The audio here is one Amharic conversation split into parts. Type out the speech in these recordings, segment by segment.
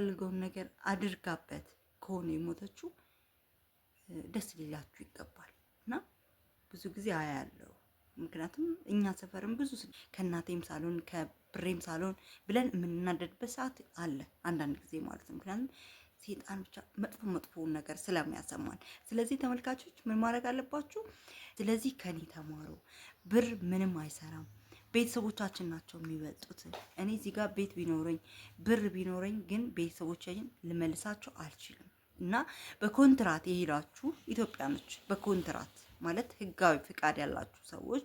የምትፈልገውን ነገር አድርጋበት ከሆነ የሞተችው ደስ ሊላችሁ ይገባል እና ብዙ ጊዜ አያለው። ምክንያቱም እኛ ሰፈርም ብዙ ከእናቴም ሳልሆን ከብሬም ሳልሆን ብለን የምናደድበት ሰዓት አለ አንዳንድ ጊዜ ማለት ነው። ምክንያቱም ሴጣን ብቻ መጥፎ መጥፎውን ነገር ስለሚያሰማን፣ ስለዚህ ተመልካቾች ምን ማድረግ አለባችሁ? ስለዚህ ከኔ ተማሩ። ብር ምንም አይሰራም። ቤተሰቦቻችን ናቸው የሚበልጡት። እኔ እዚህ ጋር ቤት ቢኖረኝ ብር ቢኖረኝ ግን ቤተሰቦቻችን ልመልሳቸው አልችልም። እና በኮንትራት የሄዳችሁ ኢትዮጵያኖች በኮንትራት ማለት ህጋዊ ፍቃድ ያላችሁ ሰዎች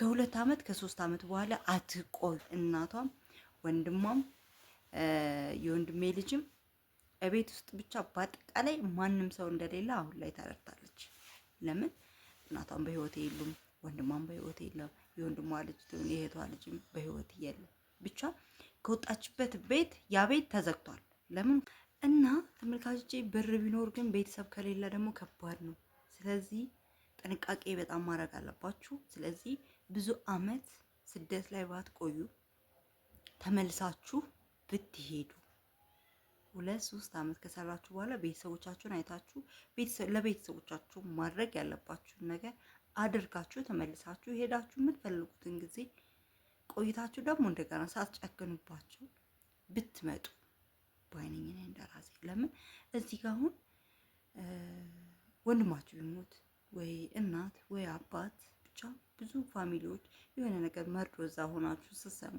ከሁለት ዓመት ከሶስት ዓመት በኋላ አትቆይ። እናቷም ወንድሟም የወንድሜ ልጅም እቤት ውስጥ ብቻ በአጠቃላይ ማንም ሰው እንደሌለ አሁን ላይ ተረድታለች። ለምን እናቷም በህይወት የሉም፣ ወንድሟም በህይወት የለም። የወንድሟ ልጅ ትሁን የእህቷ ልጅ በህይወት የለም። ብቻ ከወጣችበት ቤት ያ ቤት ተዘግቷል። ለምን እና ተመልካቾቼ ብር ቢኖር ግን ቤተሰብ ከሌለ ደግሞ ከባድ ነው። ስለዚህ ጥንቃቄ በጣም ማድረግ አለባችሁ። ስለዚህ ብዙ አመት ስደት ላይ ባትቆዩ ተመልሳችሁ ብትሄዱ ሁለት ሶስት አመት ከሰራችሁ በኋላ ቤተሰቦቻችሁን አይታችሁ ለቤተሰቦቻችሁ ማድረግ ያለባችሁን ነገር አድርጋችሁ ተመልሳችሁ ሄዳችሁ የምትፈልጉትን ጊዜ ቆይታችሁ ደግሞ እንደገና ሳትጨክኑባቸው ብትመጡ በአይነኝ ነኝ እንደራሴ። ለምን እዚህ ጋር አሁን ወንድማችሁ ቢሞት ወይ እናት ወይ አባት ብቻ ብዙ ፋሚሊዎች የሆነ ነገር መርዶ እዛ ሆናችሁ ስሰሙ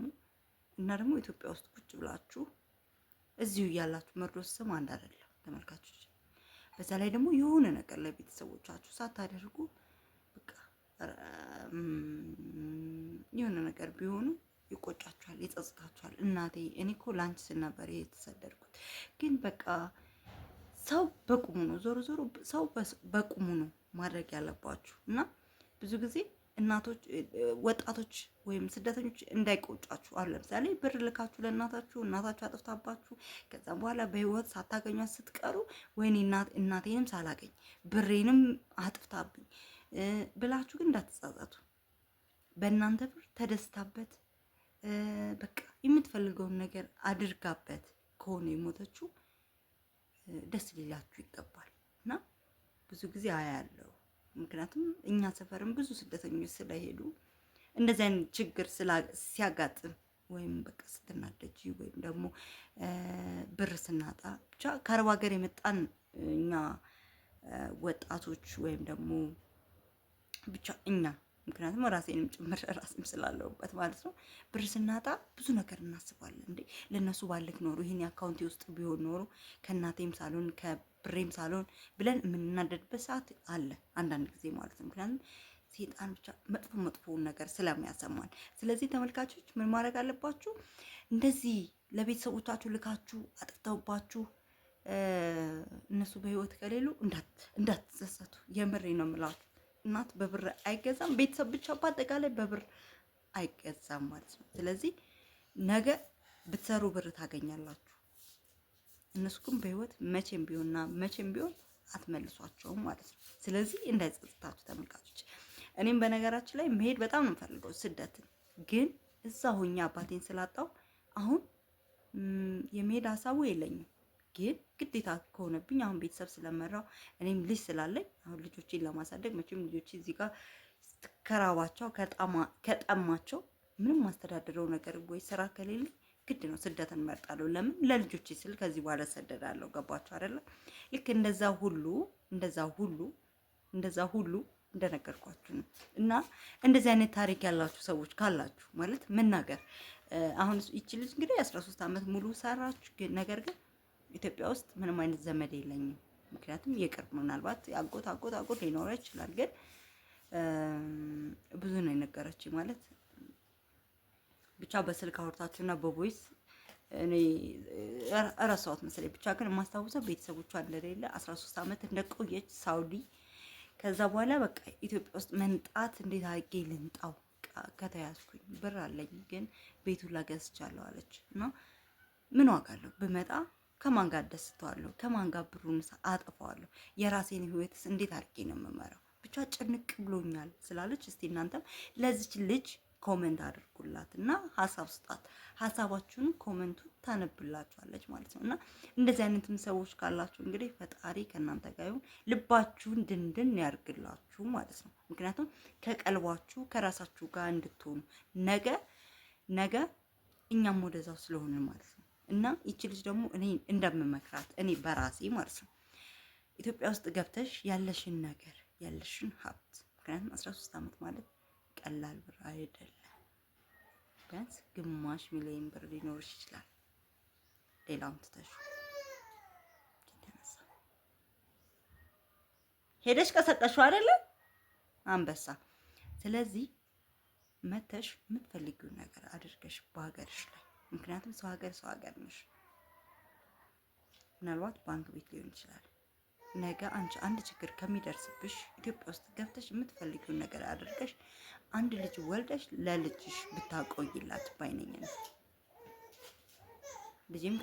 እና ደግሞ ኢትዮጵያ ውስጥ ቁጭ ብላችሁ እዚሁ እያላችሁ መርዶ ስሰሙ አንድ አይደለም ተመልካቾች። በዛ ላይ ደግሞ የሆነ ነገር ለቤተሰቦቻችሁ ሳታደርጉ የሆነ ነገር ቢሆኑ ይቆጫችኋል፣ ይጸጽታችኋል። እናቴ እኔ እኮ ላንች ስል ነበር ይሄ የተሰደድኩት፣ ግን በቃ ሰው በቁሙ ነው። ዞሮ ዞሮ ሰው በቁሙ ነው ማድረግ ያለባችሁ እና ብዙ ጊዜ እናቶች ወጣቶች ወይም ስደተኞች እንዳይቆጫችሁ። አሁን ለምሳሌ ብር ልካችሁ ለእናታችሁ እናታችሁ አጥፍታባችሁ ከዛም በኋላ በህይወት ሳታገኟት ስትቀሩ ወይኔ እናቴንም ሳላገኝ ብሬንም አጥፍታብኝ ብላችሁ ግን እንዳትጻጻቱ። በእናንተ ብር ተደስታበት በቃ የምትፈልገውን ነገር አድርጋበት ከሆነ የሞተችው ደስ ሊላችሁ ይገባል። እና ብዙ ጊዜ አያለው። ምክንያቱም እኛ ሰፈርም ብዙ ስደተኞች ስለሄዱ እንደዚህ አይነት ችግር ሲያጋጥም ወይም በቃ ስትናደጂ ወይም ደግሞ ብር ስናጣ ብቻ ከአረብ ሀገር የመጣን እኛ ወጣቶች ወይም ደግሞ ብቻ እኛ ምክንያቱም ራሴንም ጭምር ራሴም ስላለውበት ማለት ነው። ብር ስናጣ ብዙ ነገር እናስባለን። እንዴ ለእነሱ ባልክ ኖሩ ይህን የአካውንቲ ውስጥ ቢሆን ኖሮ ከእናቴም ሳልሆን ከብሬም ሳልሆን ብለን የምንናደድበት ሰዓት አለ አንዳንድ ጊዜ ማለት ነው። ምክንያቱም ሴጣን ብቻ መጥፎ መጥፎውን ነገር ስለሚያሰማን። ስለዚህ ተመልካቾች ምን ማድረግ አለባችሁ? እንደዚህ ለቤተሰቦቻችሁ ልካችሁ አጥፍተውባችሁ እነሱ በህይወት ከሌሉ እንዳትሰሰቱ። የምሬ ነው የምላችሁ። እናት በብር አይገዛም። ቤተሰብ ብቻ በአጠቃላይ በብር አይገዛም ማለት ነው። ስለዚህ ነገ ብትሰሩ ብር ታገኛላችሁ። እነሱ ግን በህይወት መቼም ቢሆንና መቼም ቢሆን አትመልሷቸውም ማለት ነው። ስለዚህ እንዳይጸጽታችሁ ተመልካቾች። እኔም በነገራችን ላይ መሄድ በጣም ነው የምፈልገው ስደትን፣ ግን እዛ ሁኛ አባቴን ስላጣው አሁን የመሄድ ሀሳቡ የለኝም። ግን ግዴታ ከሆነብኝ አሁን ቤተሰብ ስለመራው እኔም ልጅ ስላለኝ አሁን ልጆችን ለማሳደግ መቼም ልጆች እዚህ ጋር ከራባቸው ከጠማቸው ምንም አስተዳድረው ነገር ወይ ስራ ከሌለ ግድ ነው ስደትን መርጣለሁ። ለምን ለልጆች ስል ከዚህ በኋላ ሰደዳለሁ። ገባቸው አይደለም? ልክ እንደዛ ሁሉ እንደዛ ሁሉ እንደዛ ሁሉ እንደነገርኳችሁ ነው። እና እንደዚህ አይነት ታሪክ ያላችሁ ሰዎች ካላችሁ ማለት መናገር አሁን ይቺ ልጅ እንግዲህ አስራ ሶስት ዓመት ሙሉ ሰራችሁ ነገር ግን ኢትዮጵያ ውስጥ ምንም አይነት ዘመድ የለኝም። ምክንያቱም የቅርብ ምናልባት አጎት አጎት አጎት ሊኖረ ይችላል። ግን ብዙ ነው የነገረችኝ ማለት ብቻ በስልክ አውርታችሁ እና በቮይስ እኔ እረሳሁት መሰለኝ። ብቻ ግን የማስታውሰው ቤተሰቦቿ እንደሌለ 13 ዓመት እንደቆየች ሳውዲ ከዛ በኋላ በቃ ኢትዮጵያ ውስጥ መንጣት እንዴት አድርጌ ልንጣው ከተያዝኩኝ ብር አለኝ ግን ቤቱን ላገዝቻለሁ አለች እና ምን ዋጋ አለው ብመጣ ከማን ጋር ደስተዋለሁ? ከማን ጋር ብሩንስ አጠፋዋለሁ? የራሴን ህይወትስ እንዴት አድርጌ ነው የምመራው? ብቻ ጭንቅ ብሎኛል ስላለች እስቲ እናንተም ለዚች ልጅ ኮመንት አድርጉላት እና ሀሳብ ስጣት። ሀሳባችሁን ኮመንቱ ታነብላችኋለች ማለት ነው። እና እንደዚህ አይነትም ሰዎች ካላችሁ እንግዲህ ፈጣሪ ከእናንተ ጋር ይሁን፣ ልባችሁን ድንድን ያርግላችሁ ማለት ነው። ምክንያቱም ከቀልባችሁ ከራሳችሁ ጋር እንድትሆኑ ነገ ነገ እኛም ወደዛው ስለሆነ። ማለት ነው። እና ይቺ ልጅ ደግሞ እኔ እንደምመክራት እኔ በራሴ ማለት ነው ኢትዮጵያ ውስጥ ገብተሽ ያለሽን ነገር ያለሽን ሀብት ምክንያቱም አስራ ሶስት ዓመት ማለት ቀላል ብር አይደለም። ቢያንስ ግማሽ ሚሊዮን ብር ሊኖርሽ ይችላል። ሌላውን ትተሹ ሄደሽ ቀሰቀሹ አይደለም አንበሳ። ስለዚህ መተሽ የምትፈልጊውን ነገር አድርገሽ በሀገርሽ ላይ ምክንያቱም ሰው ሀገር ሰው ሀገር ነሽ። ምናልባት ባንክ ቤት ሊሆን ይችላል። ነገ አንቺ አንድ ችግር ከሚደርስብሽ ኢትዮጵያ ውስጥ ገብተሽ የምትፈልጊውን ነገር አድርገሽ አንድ ልጅ ወልደሽ ለልጅሽ ብታቆይላት ባይነኝ ነው ልጅም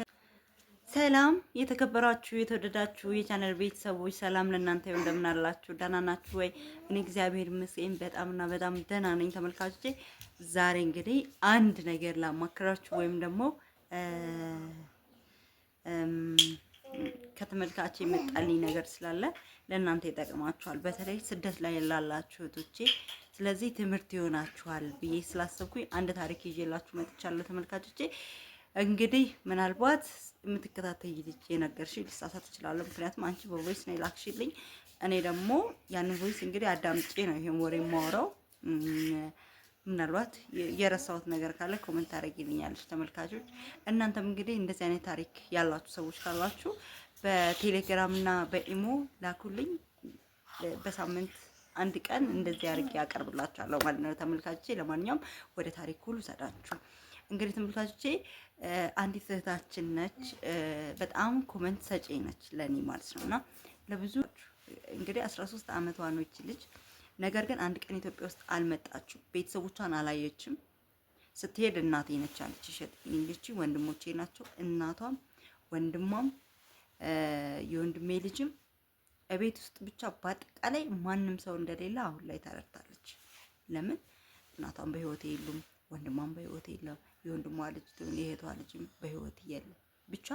ሰላም የተከበራችሁ የተወደዳችሁ የቻነል ቤተሰቦች ሰላም ለእናንተ ይሁን። እንደምን አላችሁ? ደህና ናችሁ ወይ? እኔ እግዚአብሔር ይመስገን በጣምና በጣም ደህና ነኝ ተመልካቾቼ። ዛሬ እንግዲህ አንድ ነገር ላማክራችሁ ወይም ደግሞ ከተመልካች የመጣልኝ ነገር ስላለ ለእናንተ ይጠቅማችኋል፣ በተለይ ስደት ላይ ላላችሁ እህቶቼ። ስለዚህ ትምህርት ይሆናችኋል ብዬ ስላሰብኩኝ አንድ ታሪክ ይዤላችሁ መጥቻለሁ ተመልካቾቼ። እንግዲህ ምናልባት የምትከታተይ ልጅ የነገርሽ ልሳሳት እችላለሁ። ምክንያቱም አንቺ በቮይስ ነው የላክሽልኝ። እኔ ደግሞ ያንን ቮይስ እንግዲህ አዳምጬ ነው ይሄን ወሬ የማወራው። ምናልባት የረሳሁት ነገር ካለ ኮመንት ታደርጊልኛለች። ተመልካቾች እናንተም እንግዲህ እንደዚህ አይነት ታሪክ ያላችሁ ሰዎች ካሏችሁ በቴሌግራም እና በኢሞ ላኩልኝ። በሳምንት አንድ ቀን እንደዚህ አድርጌ ያቀርብላችኋለሁ ማለት ነው ተመልካቾቼ። ለማንኛውም ወደ ሁሉ ሰዳችሁ እንግዲህ ተመልካቾቼ አንዲት እህታችን ነች። በጣም ኮመንት ሰጪ ነች ለእኔ ማለት ነው እና ለብዙ እንግዲህ 13 ዓመቷ ነው ይች ልጅ። ነገር ግን አንድ ቀን ኢትዮጵያ ውስጥ አልመጣችም፣ ቤተሰቦቿን አላየችም። ስትሄድ እናቴ ነች አለች ይሸጥልች ወንድሞቼ ናቸው። እናቷም ወንድሟም የወንድሜ ልጅም እቤት ውስጥ ብቻ በአጠቃላይ ማንም ሰው እንደሌለ አሁን ላይ ተረድታለች። ለምን እናቷም በህይወት የሉም፣ ወንድሟም በህይወት የለም። የወንድሟ ልጅ ትሁን የእህቷ ልጅ በህይወት የለም። ብቻ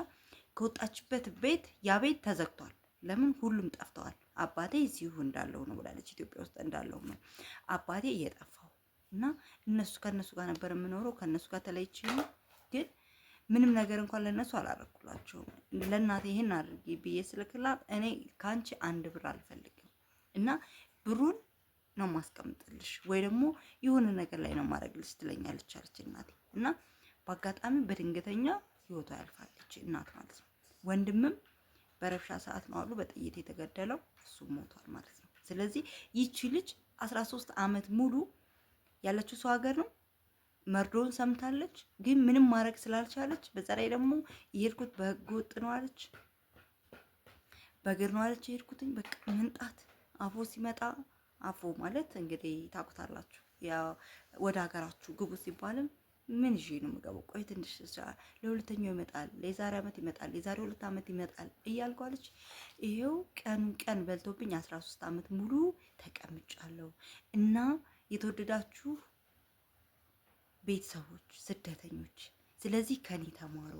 ከወጣችበት ቤት ያ ቤት ተዘግቷል። ለምን ሁሉም ጠፍተዋል። አባቴ እዚሁ እንዳለው ነው ብላለች። ኢትዮጵያ ውስጥ እንዳለው ነው አባቴ እየጠፋው እና እነሱ ከእነሱ ጋር ነበር የምኖረው ከእነሱ ጋር ተለይቼ ግን ምንም ነገር እንኳን ለእነሱ አላረኩላቸውም። ለእናቴ ይህን አድርጊ ብዬ ስልክላት እኔ ከአንቺ አንድ ብር አልፈልግም እና ብሩን ነው ማስቀምጥልሽ ወይ ደግሞ የሆነ ነገር ላይ ነው ማድረግልሽ ትለኛለች አለች እናቴ። እና በአጋጣሚ በድንገተኛ ህይወቷ ያልፋለች እናት ማለት ነው። ወንድምም በረብሻ ሰዓት ነው አሉ በጥይት የተገደለው እሱ ሞቷል ማለት ነው። ስለዚህ ይቺ ልጅ አስራ ሶስት አመት ሙሉ ያለችው ሰው ሀገር ነው። መርዶውን ሰምታለች፣ ግን ምንም ማድረግ ስላልቻለች በዛ ላይ ደግሞ የሄድኩት በህገ ወጥ ነው አለች፣ በእግር ነው አለች የሄድኩትኝ በቃ ምንጣት አፎ ሲመጣ አፎ ማለት እንግዲህ ታውቁታላችሁ። ወደ ሀገራችሁ ግቡ ሲባልም ምን ይዤ ነው የምገባው? ቆይ ትንሽ ለሁለተኛው ይመጣል፣ ለዛሬ ዓመት ይመጣል፣ የዛሬ ሁለት ዓመት ይመጣል እያልኳለች። ይሄው ቀን ቀን በልቶብኝ አስራ ሶስት ዓመት ሙሉ ተቀምጫለሁ። እና የተወደዳችሁ ቤተሰቦች፣ ስደተኞች፣ ስለዚህ ከኔ ተማሩ።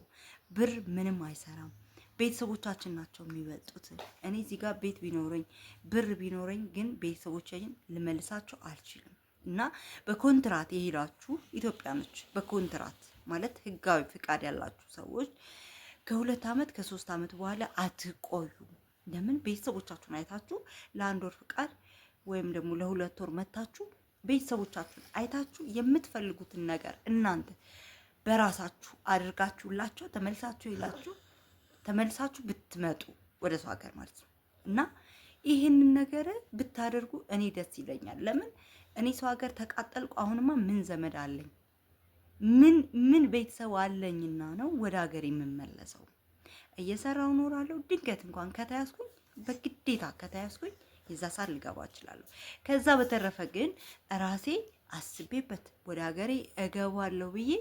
ብር ምንም አይሰራም። ቤተሰቦቻችን ናቸው የሚበልጡት። እኔ እዚህ ጋር ቤት ቢኖረኝ ብር ቢኖረኝ ግን ቤተሰቦቻችን ልመልሳቸው አልችልም። እና በኮንትራት የሄዳችሁ ኢትዮጵያኖች በኮንትራት ማለት ህጋዊ ፍቃድ ያላችሁ ሰዎች ከሁለት ዓመት ከሶስት ዓመት በኋላ አትቆዩ። ለምን ቤተሰቦቻችሁን አይታችሁ ለአንድ ወር ፍቃድ ወይም ደግሞ ለሁለት ወር መታችሁ ቤተሰቦቻችሁን አይታችሁ የምትፈልጉትን ነገር እናንተ በራሳችሁ አድርጋችሁላቸው ተመልሳችሁ ይላችሁ ተመልሳችሁ ብትመጡ ወደ ሰው ሀገር ማለት ነው እና ይህንን ነገር ብታደርጉ እኔ ደስ ይለኛል። ለምን እኔ ሰው ሀገር ተቃጠልኩ፣ አሁንማ ምን ዘመድ አለኝ ምን ምን ቤተሰብ አለኝና ነው ወደ ሀገር የምመለሰው። እየሰራው ኖራለሁ። ድንገት እንኳን ከተያዝኩኝ በግዴታ ከተያዝኩኝ የዛ ሳር ልገባ እችላለሁ። ከዛ በተረፈ ግን ራሴ አስቤበት ወደ ሀገሬ እገባለሁ ብዬ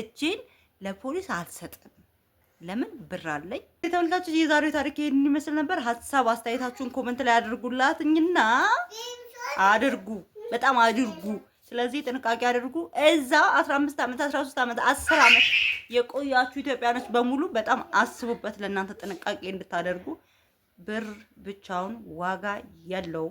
እጄን ለፖሊስ አልሰጥም። ለምን ብር አለኝ። የተመልካቾች የዛሬው ታሪክ ይሄን ይመስል ነበር። ሀሳብ አስተያየታችሁን ኮመንት ላይ አድርጉላትኝና አድርጉ፣ በጣም አድርጉ። ስለዚህ ጥንቃቄ አድርጉ። እዛ 15 ዓመት 13 ዓመት 10 ዓመት የቆያችሁ ኢትዮጵያኖች በሙሉ በጣም አስቡበት፣ ለእናንተ ጥንቃቄ እንድታደርጉ። ብር ብቻውን ዋጋ ያለው